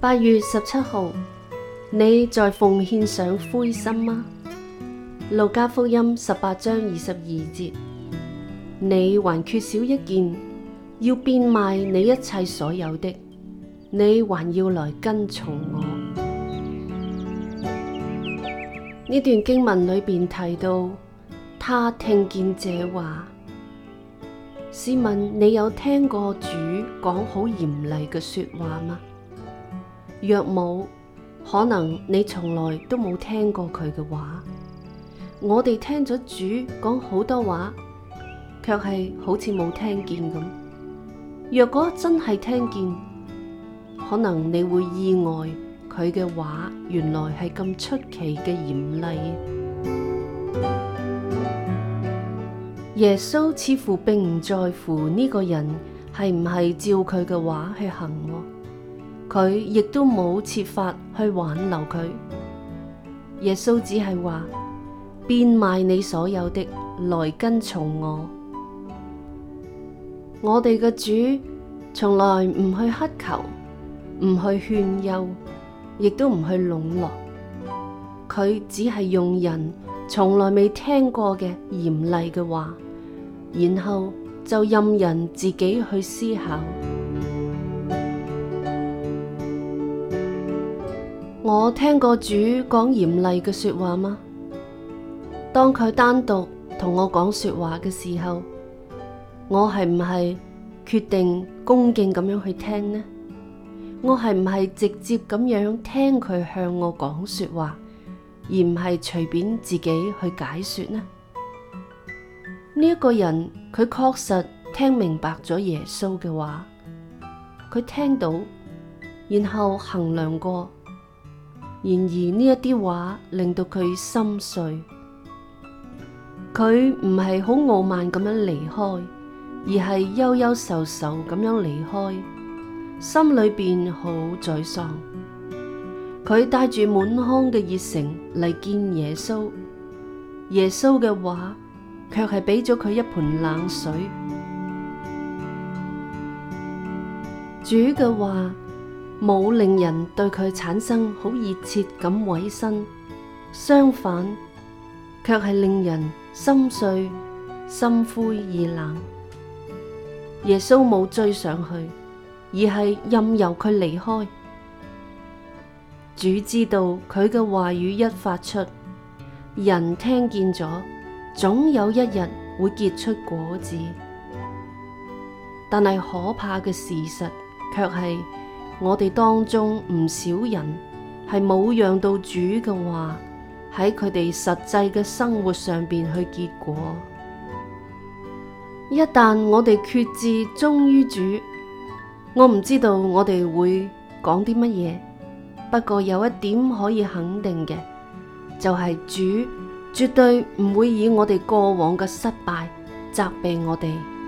八月十七號，你在奉獻上灰心嗎？路加福音十八章二十二節，你還缺少一件，要變賣你一切所有的，你還要來跟從我。呢段經文裏邊提到，他聽見這話。試問你有聽過主講好嚴厲嘅說話嗎？若冇，可能你從來都冇聽過佢嘅話。我哋聽咗主講好多話，卻係好似冇聽見咁。若果真係聽見，可能你會意外佢嘅話原來係咁出奇嘅嚴厲。耶穌似乎並唔在乎呢個人係唔係照佢嘅話去行我，佢亦都冇設法去挽留佢。耶穌只係話：變賣你所有的來跟從我。我哋嘅主從來唔去乞求，唔去勸誘，亦都唔去籠絡。佢只係用人從來未聽過嘅嚴厲嘅話。然後就任人自己去思考。我聽過主講嚴厲嘅說話嗎？當佢單獨同我講說話嘅時候，我係唔係決定恭敬咁樣去聽呢？我係唔係直接咁樣聽佢向我講說話，而唔係隨便自己去解說呢？呢一個人，佢確實聽明白咗耶穌嘅話，佢聽到，然後衡量過，然而呢一啲話令到佢心碎。佢唔係好傲慢咁樣離開，而係憂憂愁愁咁樣離開，心裏邊好沮喪。佢帶住滿腔嘅熱誠嚟見耶穌，耶穌嘅話。卻係俾咗佢一盆冷水。主嘅話冇令人對佢產生好熱切咁委身，相反，卻係令人心碎、心灰意冷。耶穌冇追上去，而係任由佢離開。主知道佢嘅話語一發出，人聽見咗。總有一日會結出果子，但係可怕嘅事實卻係，我哋當中唔少人係冇讓到主嘅話，喺佢哋實際嘅生活上邊去結果。一旦我哋決志忠於主，我唔知道我哋會講啲乜嘢，不過有一點可以肯定嘅，就係、是、主。絕對唔會以我哋過往嘅失敗責備我哋。